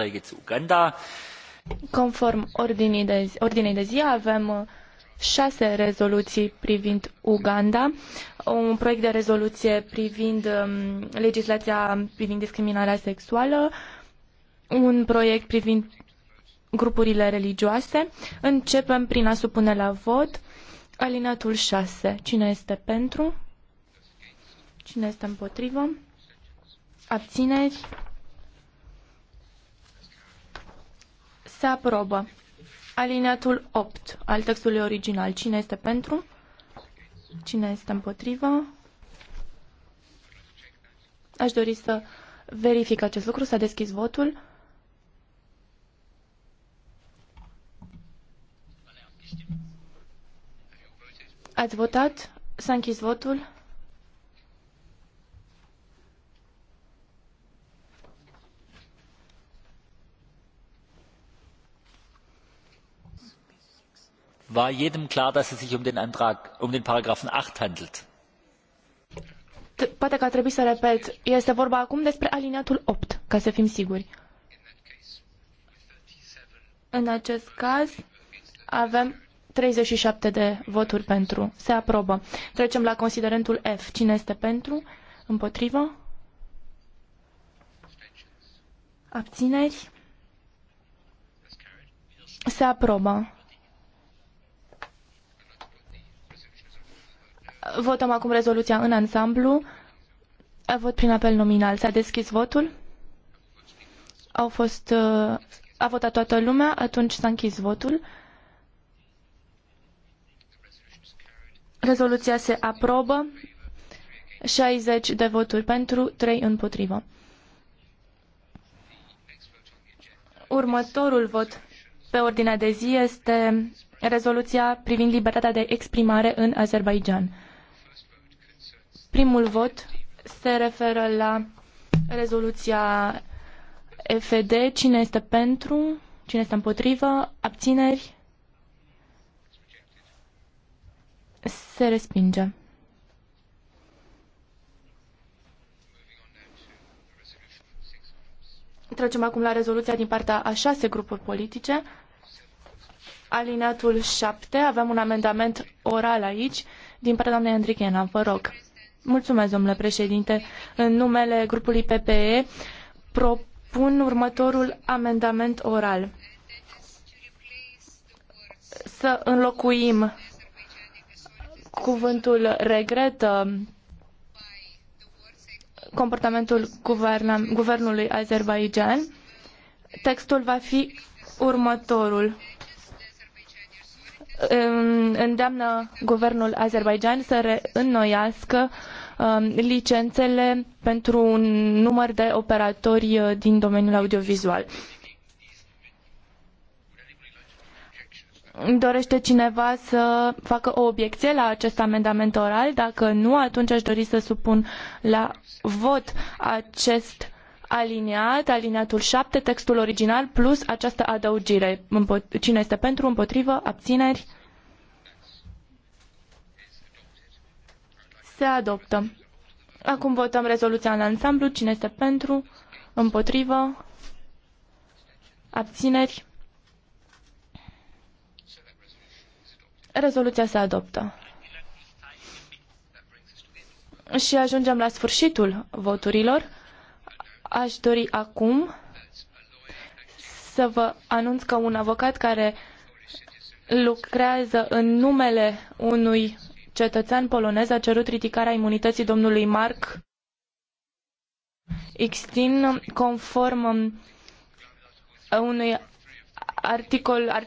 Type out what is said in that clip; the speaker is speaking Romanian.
Gespräche zu Uganda. Conform ordinii de zi, ordinei de zi avem uh, șase rezoluții privind Uganda, un proiect de rezoluție privind um, legislația privind discriminarea sexuală, un proiect privind grupurile religioase. Începem prin a supune la vot alinatul 6. Cine este pentru? Cine este împotrivă? Abțineri? Se aprobă. Alineatul 8 al textului original. Cine este pentru? Cine este împotrivă? Aș dori să verific acest lucru. S-a deschis votul. Ați votat? S-a închis votul? war jedem klar, dass es sich um den Antrag, um den Paragraphen 8 handelt? Poate că a trebuit să repet. Este vorba acum despre alineatul 8, ca să fim siguri. În acest caz avem 37 de voturi pentru. Se aprobă. Trecem la considerentul F. Cine este pentru? Împotrivă? Abțineri? Se aprobă. Votăm acum rezoluția în ansamblu. Vot prin apel nominal. S-a deschis votul. Au fost, uh, a votat toată lumea, atunci s-a închis votul. Rezoluția se aprobă. 60 de voturi pentru, 3 împotrivă. Următorul vot pe ordinea de zi este rezoluția privind libertatea de exprimare în Azerbaijan. Primul vot se referă la rezoluția FD. Cine este pentru? Cine este împotrivă? Abțineri? Se respinge. Trecem acum la rezoluția din partea a șase grupuri politice. Alineatul 7. Avem un amendament oral aici din partea doamnei Andrichena. Vă rog. Mulțumesc, domnule președinte. În numele grupului PPE propun următorul amendament oral. Să înlocuim cuvântul regretă uh, comportamentul guvernului Azerbaijan. Textul va fi următorul îndeamnă guvernul Azerbaidjan să reînnoiască um, licențele pentru un număr de operatori uh, din domeniul audiovizual. Dorește cineva să facă o obiecție la acest amendament oral? Dacă nu, atunci aș dori să supun la vot acest aliniat, aliniatul 7, textul original, plus această adăugire. Cine este pentru, împotrivă, abțineri? Se adoptă. Acum votăm rezoluția în ansamblu. Cine este pentru, împotrivă, abțineri? Rezoluția se adoptă. Și ajungem la sfârșitul voturilor. Aș dori acum să vă anunț că un avocat care lucrează în numele unui cetățean polonez a cerut ridicarea imunității domnului Mark Ixtin conform um, unui articol, articol